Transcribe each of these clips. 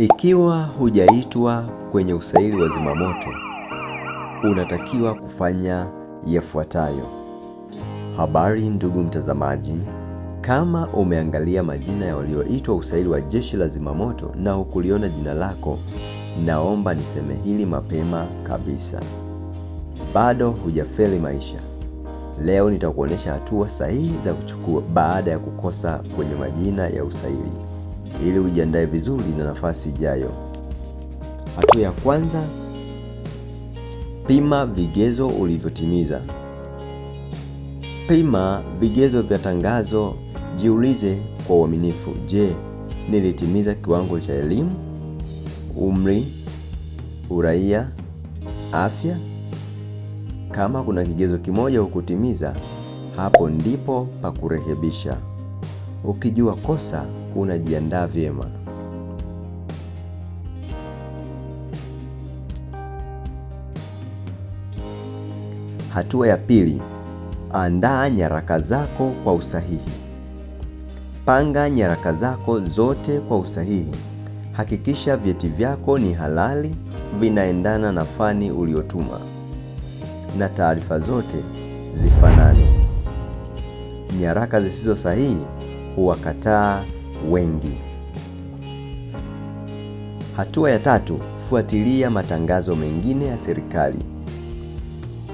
Ikiwa hujaitwa kwenye usaili wa zimamoto, unatakiwa kufanya yafuatayo. Habari ndugu mtazamaji, kama umeangalia majina ya walioitwa usaili wa Jeshi la Zimamoto na hukuliona jina lako, naomba niseme hili mapema kabisa, bado hujafeli maisha. Leo nitakuonyesha hatua sahihi za kuchukua baada ya kukosa kwenye majina ya usaili ili ujiandae vizuri na nafasi ijayo. Hatua ya kwanza, pima vigezo ulivyotimiza. Pima vigezo vya tangazo, jiulize kwa uaminifu, je, nilitimiza kiwango cha elimu, umri, uraia, afya? Kama kuna kigezo kimoja hukutimiza, hapo ndipo pa kurekebisha. Ukijua kosa unajiandaa vyema. Hatua ya pili, andaa nyaraka zako kwa usahihi. Panga nyaraka zako zote kwa usahihi. Hakikisha vyeti vyako ni halali, vinaendana na fani uliotuma na taarifa zote zifanane. Nyaraka zisizo sahihi huwakataa wengi. Hatua ya tatu, fuatilia matangazo mengine ya serikali.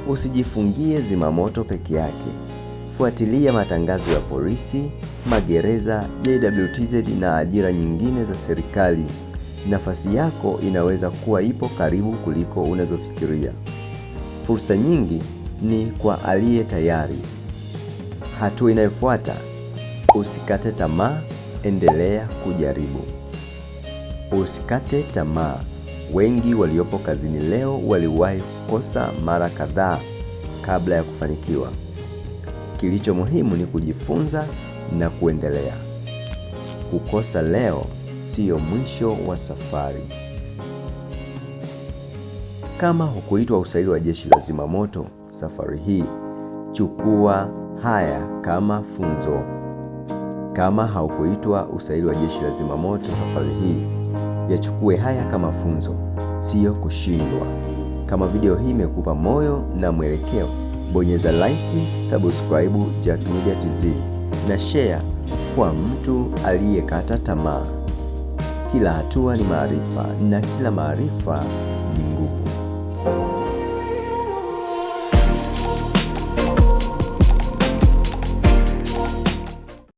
Usijifungie zimamoto peke yake. Fuatilia matangazo ya polisi, magereza, JWTZ na ajira nyingine za serikali. Nafasi yako inaweza kuwa ipo karibu kuliko unavyofikiria. Fursa nyingi ni kwa aliye tayari. Hatua inayofuata Usikate tamaa, endelea kujaribu. Usikate tamaa. Wengi waliopo kazini leo waliwahi kukosa mara kadhaa kabla ya kufanikiwa. Kilicho muhimu ni kujifunza na kuendelea. Kukosa leo siyo mwisho wa safari. Kama hukuitwa usaili wa Jeshi la Zimamoto safari hii, chukua haya kama funzo. Kama haukuitwa usaili wa Jeshi la Zimamoto, safari hii yachukue haya kama funzo, sio kushindwa. Kama video hii imekupa moyo na mwelekeo, bonyeza like, subscribe Jack Media TZ na share kwa mtu aliyekata tamaa. Kila hatua ni maarifa na kila maarifa ni